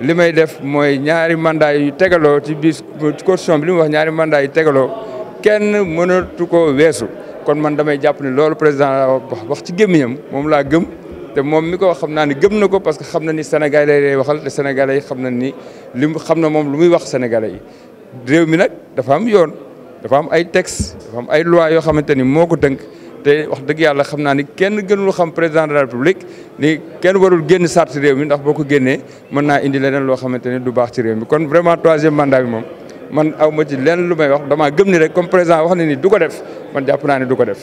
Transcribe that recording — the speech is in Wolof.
li may def mooy ñaari mandat yu tegaloo ci bis constitution bi li mu wax ñaari mandat yu tegaloo kenn mënatu ko weesu kon man damay jàpp ne loolu président wax ci gémmiñam moom laa gëm te moom mi ko wax xam naa ne gëm na ko parce que xam na ni sénégale lay waxal te sénégalais yi xam na ni li mu xam na moom lu muy wax sénégalais yi réew mi nag dafa am yoon dafa am ay texte dafa am ay loi yoo xamante ni moo ko dënk te wax dëgg yàlla xam naa ni kenn gënul xam président de la république ni kenn warul génn sart réew mi ndax boo ko génnee mën naa indi leneen loo xamante ni du baax ci réew mi kon vraiment troisième mandat bi moom man aw ma ci lenn lu may wax damaa gëm ni rek comme président wax na ni du ko def man jàpp naa ne du ko def.